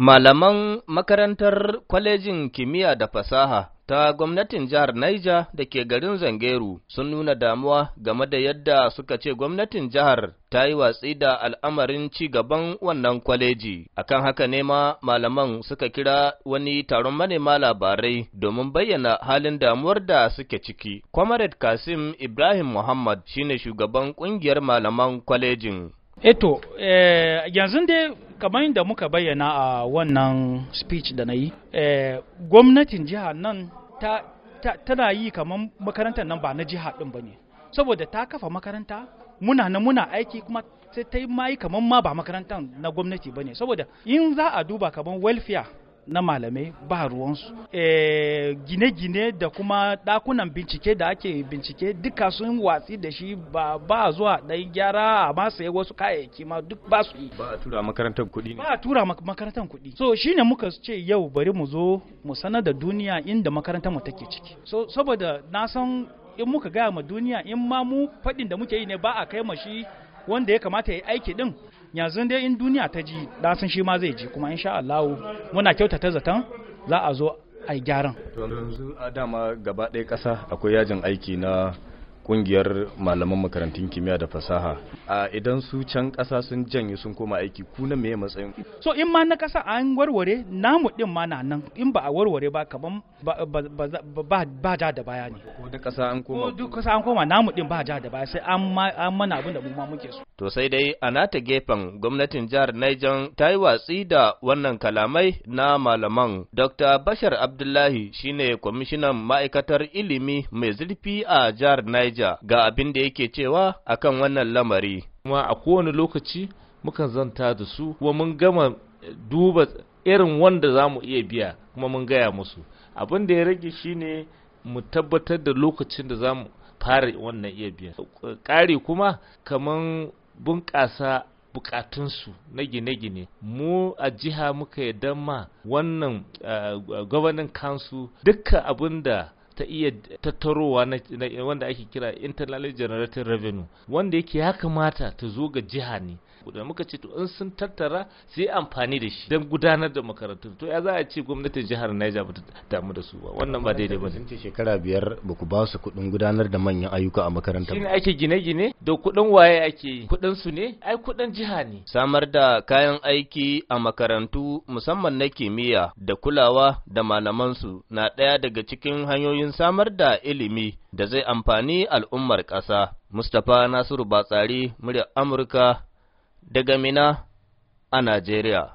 Malaman makarantar kwalejin kimiyya da fasaha ta gwamnatin jihar Naija da ke garin Zangeru sun nuna damuwa game da yadda suka ce gwamnatin jihar ta yi watsi da al'amarin ci gaban wannan kwaleji. Akan haka nema malaman suka kira wani taron manema labarai domin bayyana halin damuwar da suke ciki. Comrade Kasim Ibrahim Muhammad shine shugaban ƙungiyar malaman kwalejin. Eto, eh, yanzu dai kamar yadda muka bayyana a wannan speech da na yi eh, gwamnatin jiha nan tana yi kamar makarantar nan ba na jiha ɗin ba ne saboda ta kafa makaranta muna na muna aiki kuma sai ta yi ma kamar ma ba makarantar na gwamnati ba ne saboda in za a duba kamar welfare na malamai ba ruwansu eh, gine-gine da kuma dakunan bincike da ake bincike duka sun watsi da shi ba ba zuwa dai gyara a ma wasu kayayyaki ma duk ba su yi ba a tura makarantar kuɗi ba a tura makarantar kuɗi so shi ne muka ce yau bari mu zo mu sanar da duniya inda makarantar mu take ciki so saboda na san in muka gaya ma duniya in ma mu faɗin da muke yi ne ba a kai ma shi wanda ya kamata ya yi aiki din yanzu dai in duniya ta ji dasan shi ma zai ji kuma insha Allah muna kyautata zaton za a zo a yi gyaran. To yanzu a dama gaba ɗaya ƙasa akwai yajin aiki na kungiyar malaman makarantun kimiyya da fasaha a idan su can ƙasa sun janye sun koma aiki ku na matsayin so in ma na ƙasa an warware namu din ma na nan in ba a warware ba kaman ba ja da baya ne ko duk ƙasa an koma ko duk kasa an koma namu din ba ja da baya sai an mana abin da mu ma muke so to sai dai a nata gefen gwamnatin jihar Niger ta yi watsi da wannan kalamai na malaman Dr. Bashar Abdullahi shine kwamishinan ma'aikatar ilimi mai zurfi a jihar Niger Khadija ga abin da yake cewa akan wannan lamari. Kuma a kowane lokaci mukan zanta da su kuma mun gama duba irin wanda za mu iya biya kuma mun gaya musu. Abin da ya rage shine mu tabbatar da lokacin da za mu fara wannan iya biya. Ƙari kuma kamar bunƙasa bukatunsu na gine-gine mu a jiha muka yadda ma wannan gwamnan kansu. dukkan abin da ta iya tattarowa wanda ake kira internal generated revenue wanda yake ya kamata ta zo ga jiha ne da muka ce to in sun tattara su yi amfani da shi don gudanar da makarantun to ya za a ce gwamnatin jihar Niger ba ta damu da su ba wannan ba daidai ba sun ce shekara biyar ba ku ba su kuɗin gudanar da manyan ayyuka a makaranta ne ake gine-gine da kuɗin waye ake yi kuɗin su ne ai kuɗin jiha ne samar da kayan aiki a makarantu musamman na kimiyya da kulawa da malaman su na ɗaya daga cikin hanyoyin cikin samar da ilimi da zai amfani al'ummar ƙasa. Mustapha Nasiru Batsari, muryar Amurka, daga Mina a Najeriya.